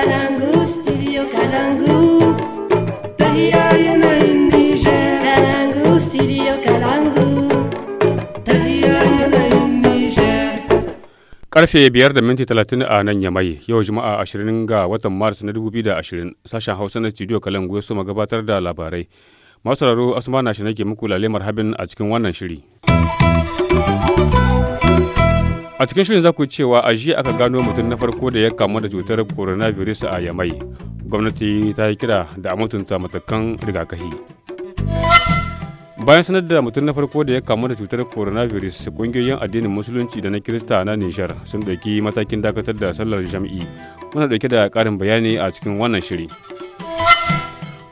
Kalangu, studio Kalangu. Tahia yanayin Kalangu, studio Kalangu. Karfe biyar da minti talatin a nan Yamai, yau Juma'a ashirin ga watan Maris na dubu biyu da ashirin sashen Hausa na studio Kalangu ya soma gabatar da labarai. Masu sauraro Asma na shi nake muku lalemar habin a cikin wannan shiri. A cikin shirin za ku cewa a jiya aka gano mutum na farko da ya kamu da cutar coronavirus a Yamai. Gwamnati ta yi kira da a mutunta matakan rigakafi. Bayan sanar da mutum na farko da ya kamu da cutar coronavirus, kungiyoyin addinin Musulunci da na Kirista na Nijar sun ɗauki matakin dakatar da sallar jam'i. Muna ɗauke da ƙarin bayani a cikin wannan shiri.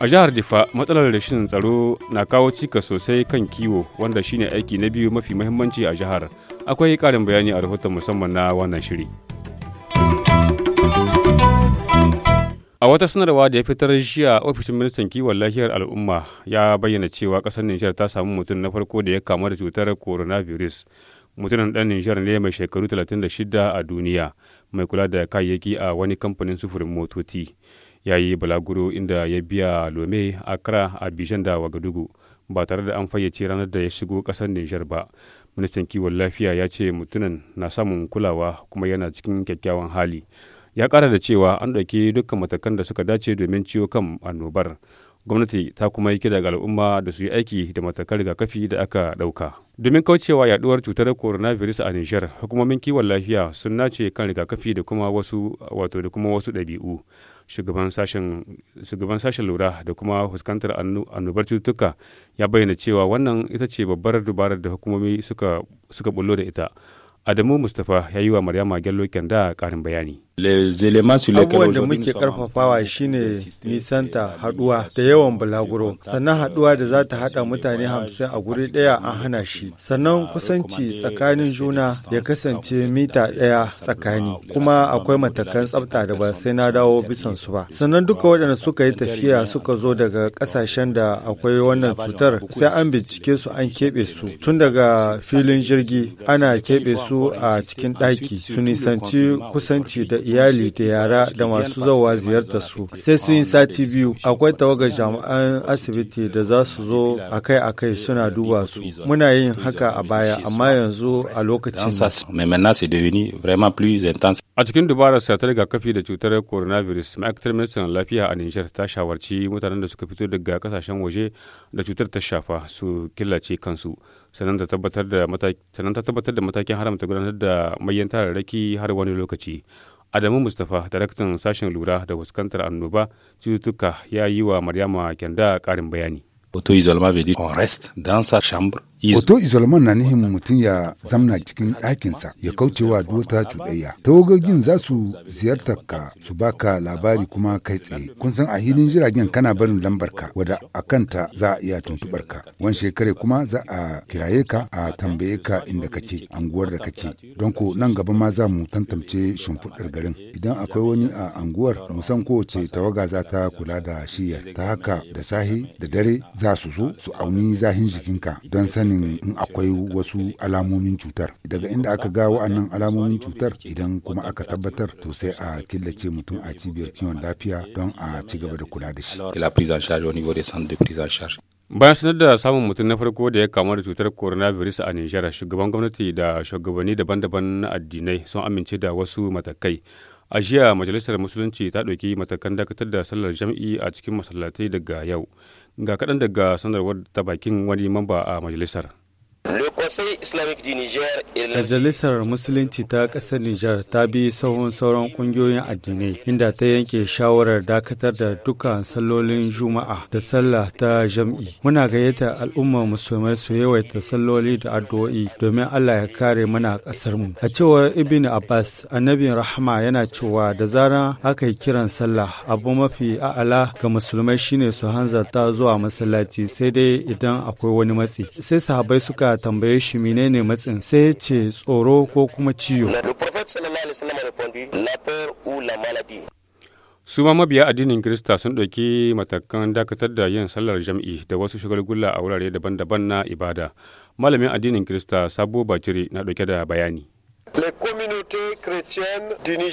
a jihar difa matsalar rashin tsaro na kawo cika sosai kan kiwo wanda shine aiki na biyu mafi mahimmanci a jihar akwai ƙarin bayani a rahoton musamman na wannan shiri. A wata sanarwa da ya fitar jiya ofishin ministan kiwon lafiyar al'umma ya bayyana cewa ƙasar Nijar ta samu mutum na farko da ya kamu da cutar coronavirus. Mutumin ɗan Nijar ne mai shekaru 36 a duniya mai kula da kayayyaki a wani kamfanin sufurin motoci. Ya yi balaguro inda ya biya Lome, Accra, Abidjan da Wagadugu ba tare da an fayyace ranar da ya shigo ƙasar Nijar ba. Ministan kiwon lafiya ya ce mutumin na samun kulawa kuma yana cikin kyakkyawan hali. Ya ƙara da cewa an ɗauki dukkan matakan da suka dace domin ciwo kan annobar. gwamnati ta kuma yi kira ga al'umma da su yi aiki da matakan rigakafi da aka ɗauka. Domin kaucewa yaduwar cutar coronavirus a Nijar, hukumomin kiwon lafiya sun nace kan rigakafi da kuma wasu wato da kuma wasu ɗabi'u. shugaban sashen lura da kuma fuskantar annobar cututtuka ya bayyana cewa wannan ita ce babbar dubarar da hukumomi suka bullo da ita adamu mustapha ya yi wa maryama gello kyanda karin bayani abubuwan da muke karfafawa shine nisanta haduwa da yawan bulaguro sannan haduwa da za ta hada mutane hamsin a guri daya an hana shi sannan kusanci tsakanin juna ya kasance mita daya tsakani kuma akwai matakan tsafta da ba sai na dawo bisan su ba sannan duka waɗanda suka yi tafiya suka zo daga kasashen da akwai wannan cutar sai an bincike su an keɓe su tun daga filin jirgi ana keɓe su a cikin ɗaki su nisanci kusanci da iyali da yara da masu zawa ziyartar su sai su yi sati biyu akwai tawagar jami'an asibiti da za su zo akai-akai suna duba su muna yin haka a baya amma yanzu a lokacin a cikin dubarar satar rigakafi da cutar coronavirus ma'aikatar ministan lafiya a nijar ta shawarci mutanen da suka fito daga kasashen waje da cutar ta shafa su killace kansu sannan ta tabbatar da matakin haramta gudanar da mayan tararraki har wani lokaci Adamu Mustapha, daraktan sashen lura da fuskantar annoba cututtuka ya yi wa Maryama Kyanda ƙarin bayani. auto-isolement veut on rest dans sa chambre Hoto Isolman na nihin mutum ya zamna cikin ɗakinsa ya kaucewa wata cuɗayya. Tawagogin za su ziyartar ka su baka labari kuma kai tsaye. Kun san a hilin jiragen kana barin lambar ka wadda a kanta za a iya tuntuɓar ka. Wani shekare kuma za a kiraye ka a tambaye ka inda kake anguwar da kake. Don ko nan gaba ma za mu tantance shimfiɗar garin. Idan akwai wani a anguwar mu san kowace tawaga za ta kula da shiyar. Ta haka da sahi da dare za su zo su auni zahin jikinka don sani sanin in akwai wasu alamomin cutar daga inda aka ga wa'annan alamomin cutar idan kuma aka tabbatar to sai a killace mutum a cibiyar kiwon lafiya don a ci gaba da kula da shi bayan sanar da samun mutum na farko da ya kama da cutar coronavirus a nijar shugaban gwamnati da shugabanni daban-daban na addinai sun amince da wasu matakai a jiya majalisar musulunci ta ɗauki matakan dakatar da sallar jam'i a cikin masallatai daga yau Ga kaɗan daga sanarwar ta bakin wani mamba a majalisar. Majalisar Musulunci ta ƙasar Nijar ta bi sauran sauran ƙungiyoyin addinai inda ta yanke shawarar dakatar da dukkan sallolin Juma'a da sallah ta jam'i. Muna gayyata al'ummar musulmai su yawaita salloli da addu'o'i domin Allah ya kare mana ƙasar mu. A cewar Ibn Abbas, annabin rahama yana cewa da zarar aka yi kiran sallah abu mafi a'ala ga musulmai shine su hanzarta zuwa masallaci sai dai idan akwai wani matsi. Sai sahabai suka tambaye shi menene matsin sai ya ce tsoro ko kuma ciwo. su ma mabiya addinin Kirista sun ɗauki matakan dakatar da yin sallar jam'i da wasu shagulgula a wurare daban-daban na ibada. Malamin addinin Kirista Sabo Baciri na ɗauke da bayani.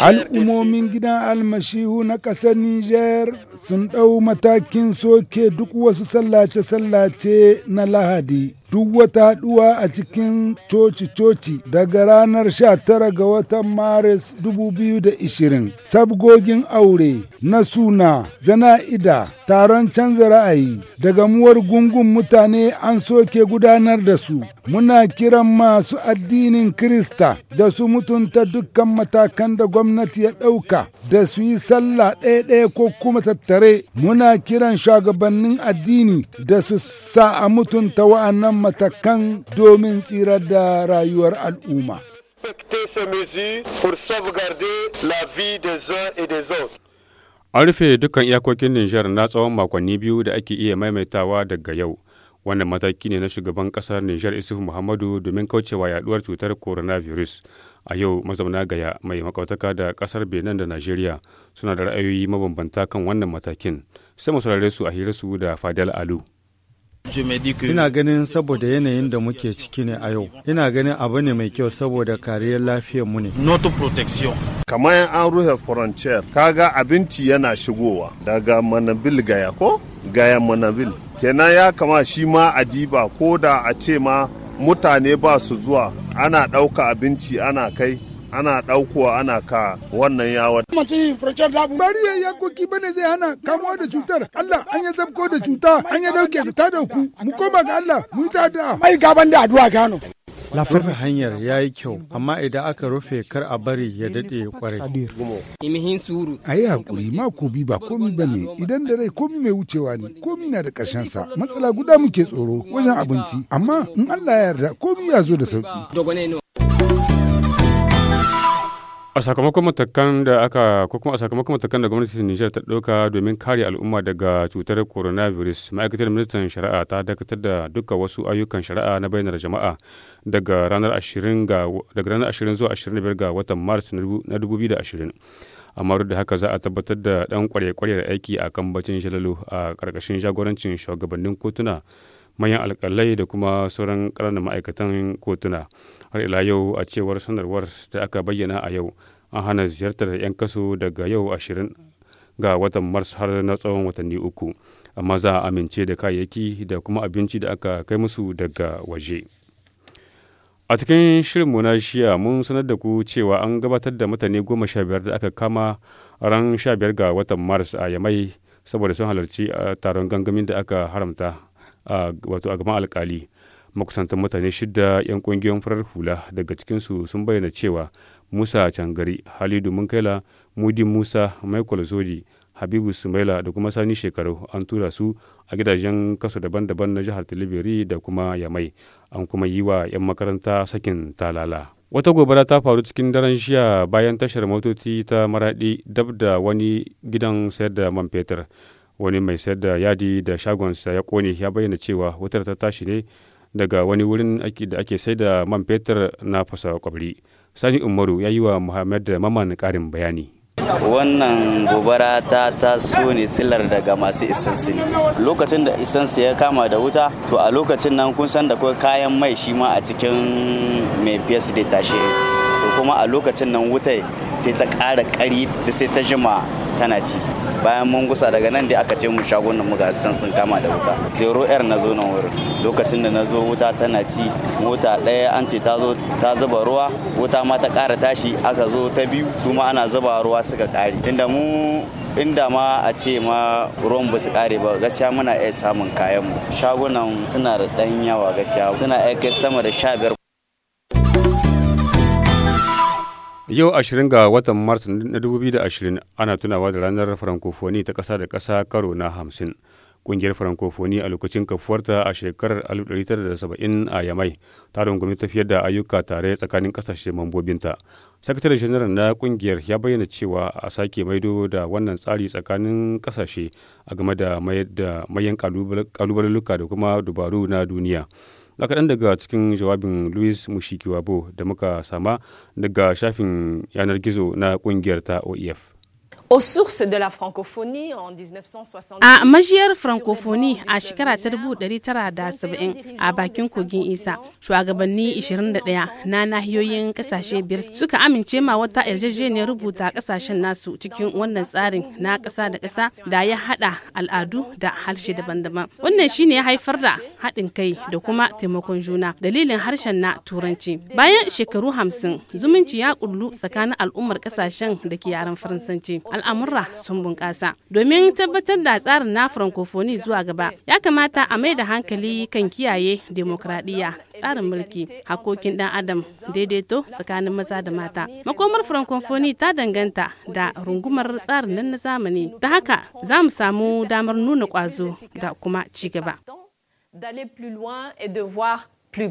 Al'ummomin gidan almashihu na ƙasar Nijar sun ɗau matakin soke duk wasu sallace-sallace na Lahadi, duk wata haɗuwa a cikin coci-coci daga ranar 19 ga watan Maris 2020. Sabgogin aure na suna, zana'ida, taron canza ra'ayi, daga muwar gungun mutane an soke gudanar da su. Muna kiran masu addinin Kirista da su mutunta duk dukkan matakan da gwamnati ya ɗauka da su yi sallah ɗaya-ɗaya ko kuma tattare muna kiran shugabannin addini da su sa a mutunta wa'annan matakan domin tsirar da rayuwar al'umma. An rufe dukkan iyakokin Nijar na tsawon makonni biyu da ake iya maimaitawa daga yau. wannan mataki ne na shugaban kasar nijar isufu muhammadu domin kaucewa yaduwar cutar coronavirus a yau mazauna gaya mai makautaka da kasar benin da najeriya suna da ra'ayoyi mabambanta kan wannan matakin sai mu saurare su a hirarsu da fadel alu Ina ganin saboda yanayin da muke ciki ne a yau. Ina ganin abu ne mai kyau saboda kariyar lafiyar mu ne. Not protection. Kamar an rufe frontier, kaga abinci yana shigowa daga Manabil Gaya ko? Gaya Manabil. Kenan ya kama shi ma a diba ko da a ce ma mutane ba su zuwa ana ɗauka abinci ana kai ana ɗaukowa ana ka wannan yawa. Bari ya yakoki bane zai hana kamuwa da cutar. Allah an ya zabko da cuta an ya dauke da ta dauku mu koma ga Allah mu ta da. Mai gaban da addu'a gano. Rufe hanyar ya yi kyau, amma idan aka rufe kar a bari ya daɗe kwarai. A yi haƙuri mako bi ba komi ba ne, idan da rai komi mai wucewa ne, komi na da sa Matsala guda muke tsoro wajen abinci, amma in Allah ya yarda komi ya zo da sauƙi. A sakamakon matakan da aka ko kuma a sakamakon matakan da gwamnatin Nijar ta ɗauka domin kare al'umma daga cutar coronavirus, ma'aikatar ministan shari'a ta dakatar da duka wasu ayyukan shari'a na bayanar jama'a daga ranar 20 ga daga ranar 20 zuwa 25 ga watan Maris na 2020. Amma duk da haka za a tabbatar da ɗan kware-kwaryar aiki a kan bacin jalalu a ƙarƙashin jagorancin shugabannin kotuna manyan alkalai da kuma sauran ƙananan ma'aikatan kotuna har ila yau a cewar sanarwar da aka bayyana a yau an hana ziyartar 'yan kaso daga yau ashirin ga watan mars har na tsawon watanni uku amma za a amince da kayayyaki da kuma abinci da aka kai musu daga waje a cikin shirinmu na shiya mun sanar da ku cewa an gabatar da mutane goma sha biyar da aka kama ran sha biyar ga watan mars a yamai saboda sun halarci eh, taron gangamin da aka haramta wato a gaban alkali makusantan mutane shida 'yan kungiyoyin farar hula daga cikinsu sun bayyana cewa musa cangari halidu munkaila mudi musa michael zodi habibu sumaila da kuma sani shekaru an tura su a gidajen kaso daban-daban na jihar tilibiri da kuma yamai an kuma yi wa 'yan makaranta sakin talala wata gobara ta faru cikin daren jiya bayan tashar motoci ta maradi dab da wani gidan sayar da man fetur wani mai sayar da yadi da shagonsa ya kone ya bayyana cewa wutar ta tashi ne daga wani wurin da ake sai da man fetur na fasa kwabri sani umaru ya yi wa muhammad da maman karin bayani wannan gobara ta taso ne silar daga masu isansu ne lokacin da isansu ya kama da wuta to a lokacin nan kun san da kawai kayan mai shi ma a cikin mai da tashi to kuma a lokacin nan wuta sai ta ƙara ƙari da sai ta jima tana ci bayan mun gusa daga nan dai aka ce mu shagon nan muka can sun kama da wuta zero air na zo nan wurin lokacin da na zo wuta tana ci mota ɗaya an ce ta ta zuba ruwa wuta ma ta ƙara tashi aka zo ta biyu su ma ana zuba ruwa suka ƙare inda mu inda ma a ce ma ruwan ba su kare ba gaskiya muna iya samun kayanmu mu shagunan suna da ɗan yawa gaskiya suna iya kai sama da sha biyar Yau 20 ga watan Mars na 2020 ana tunawa da ranar Francophonie ta ƙasa da ƙasa karo na 50. Ƙungiyar Francophonie a lokacin kafuwarta a shekarar 1970 a Yamai ta rungumi tafiyar da ayyuka tare tsakanin ƙasashe mambobinta. Sakataren Janar na ƙungiyar ya bayyana cewa a sake maido da wannan tsari tsakanin ƙasashe a game da mayan ƙalubalen da kuma dubaru na duniya. ga kaɗan daga cikin jawabin louis mushikiwabo da muka sama daga shafin yanar gizo na ƙungiyar ta oef aux sources de la francophonie en A majiyar francophonie a shekara ta 1970 a bakin kogin Isa, shugabanni 21 na nahiyoyin kasashe biyar suka amince ma wata yarjejeniyar rubuta kasashen nasu cikin wannan tsarin na kasa da kasa da ya hada al'adu da harshe daban-daban. Wannan shine ya haifar da haɗin kai da kuma taimakon juna dalilin harshen na Turanci. Bayan shekaru hamsin, zumunci ya kullu tsakanin al'ummar kasashen da ke yaren Faransanci. al'amurra sun bunƙasa domin tabbatar da tsarin na francophonie zuwa gaba ya kamata a mai da hankali kan kiyaye demokradiyya tsarin mulki hakokin dan adam daidaito tsakanin maza da mata makomar francophonie ta danganta da rungumar tsarin nan na zamani ta haka za mu samu damar nuna ƙwazo da kuma ci gaba. d'aller plus loin et de voir plus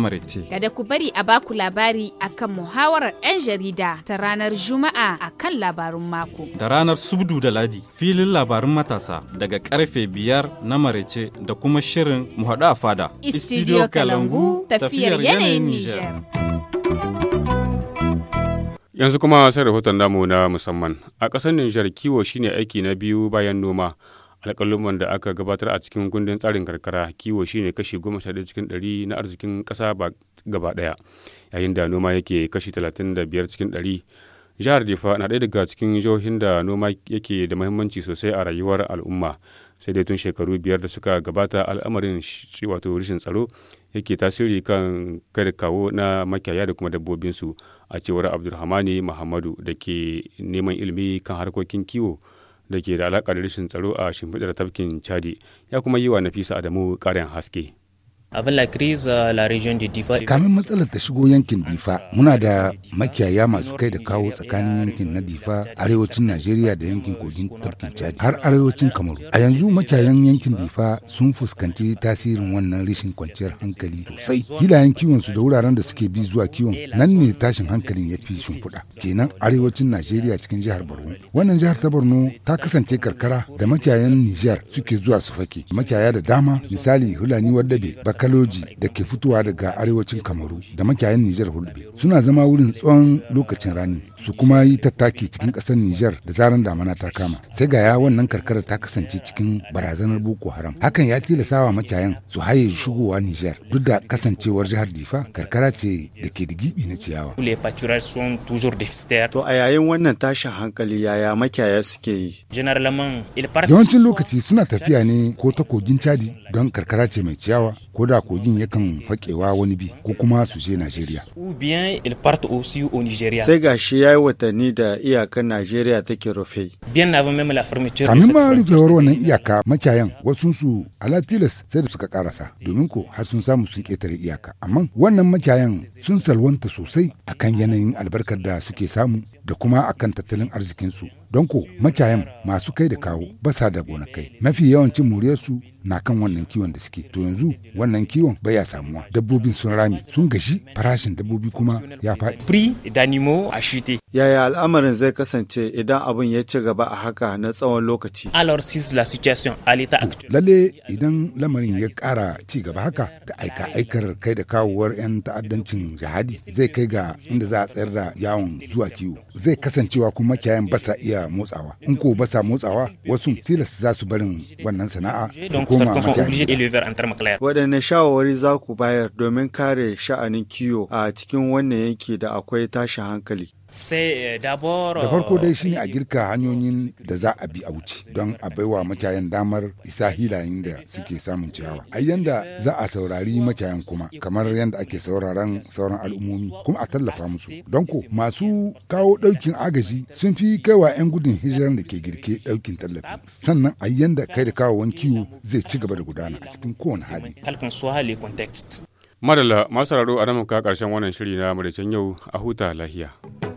maraice. Kada ku bari a baku labari akan muhawarar 'yan jarida ta ranar Juma'a akan labarun mako. Da ranar Subdu da Ladi filin labarun matasa daga karfe biyar na maraice da kuma shirin muhaɗu a fada. Istidiyo Kalangu tafiyar yanayin Nijar. Yanzu kuma sai rahoton damu na musamman. A ƙasar Nijar kiwo shine aiki na biyu bayan noma. alƙaluman da aka gabatar a cikin kundin tsarin karkara kiwo shine kashi goma sha ɗaya cikin ɗari na arzikin ƙasa gaba ɗaya yayin da noma yake kashi talatin da biyar cikin ɗari jihar difa na daya daga cikin jihohin da noma yake da mahimmanci sosai a rayuwar al'umma sai dai tun shekaru biyar da suka gabata al'amarin wato rashin tsaro yake tasiri kan kada kawo na makiyaya da kuma dabbobinsu a cewar abdulhamani muhammadu da ke neman ilimi kan harkokin kiwo da ke da alaƙa da rashin tsaro a shimfiɗar tafkin Chadi ya kuma yi wa Nafisa Adamu ƙarin haske. Kamin matsalar ta shigo yankin Difa, muna da makiyaya masu kai da kawo tsakanin yankin na Difa, arewacin Najeriya da yankin kogin tafkin Chad har arewacin Kamaru. A yanzu makiyayan yankin Difa sun fuskanci tasirin wannan rashin kwanciyar hankali sosai. Hilayen kiwon su da wuraren da suke bi zuwa kiwon nan ne tashin hankalin ya fi shimfiɗa. Kenan arewacin Najeriya cikin jihar Borno. Wannan jihar ta Borno ta kasance karkara da makiyayan Nijar suke zuwa su fake. Makiyaya da dama misali Hulani Wardabe, kaloji da ke fitowa daga arewacin kamaru da makiyayin nijar hulbe suna zama wurin tsawon lokacin rani su kuma yi tattaki cikin ƙasar nijar da zaran damana ta kama sai ga ya wannan karkara ta kasance cikin barazanar boko haram hakan ya tilasawa makiyayan su haye shigowa nijar duk da kasancewar jihar difa karkara ce da ke da gibi na ciyawa to a yayin wannan tashin hankali yaya makiyaya suke yi yawancin lokaci suna tafiya ne ko ta kogin cadi don karkara ce mai ciyawa ko da kogin yakan fakewa wani bi ko kuma su je Najeriya. Sai ga shi ya yi watanni da iyakar Najeriya take rufe. Kamin ma rufewar wannan iyaka makiyayan su alatilas sai da suka karasa domin ko har sun samu sun ketare iyaka. Amma wannan makiyayan sun salwanta sosai akan yanayin albarkar da suke samu da kuma akan tattalin arzikinsu don ko makiyayan masu kai da kawo ba sa da gonakai mafi yawancin muryarsu na kan wannan kiwon da suke to yanzu wannan kiwon ya samuwa dabbobin sun rami sun gashi farashin dabbobi kuma ya faɗi. prix d'animaux a shite Yaya al'amarin zai kasance idan abin ya ci gaba a haka na tsawon lokaci? Lalle idan lamarin ya kara ci gaba haka da aika-aikar kai da kawowar 'yan ta'addancin jihadi zai kai ga inda za a tsayar da yawon zuwa kiwo. Zai kasancewa kuma makiyayan ba iya motsawa. In ko ba motsawa wasu tilas za su barin wannan sana'a su koma Waɗanne shawarwari za ku bayar domin kare sha'anin kiwo a cikin wannan yanki da akwai tashin hankali? Eh, da farko dai shine a girka hanyoyin da za a bi a wuce don a baiwa makiyayan damar isa hilayen da suke samun ciyawa. A yanda za a saurari makiyayan kuma kamar yanda ake sauraron sauran al'ummomi kuma a tallafa musu. Don ko masu kawo ɗaukin agaji sun fi kaiwa 'yan gudun hijiran da ke girke daukin tallafi. Sannan a yanda kai da kawowan kiwo zai ci gaba da gudana a cikin kowane hali. Madalla masu sauraro a ka ƙarshen wannan shiri na maraicen yau a huta lahiya.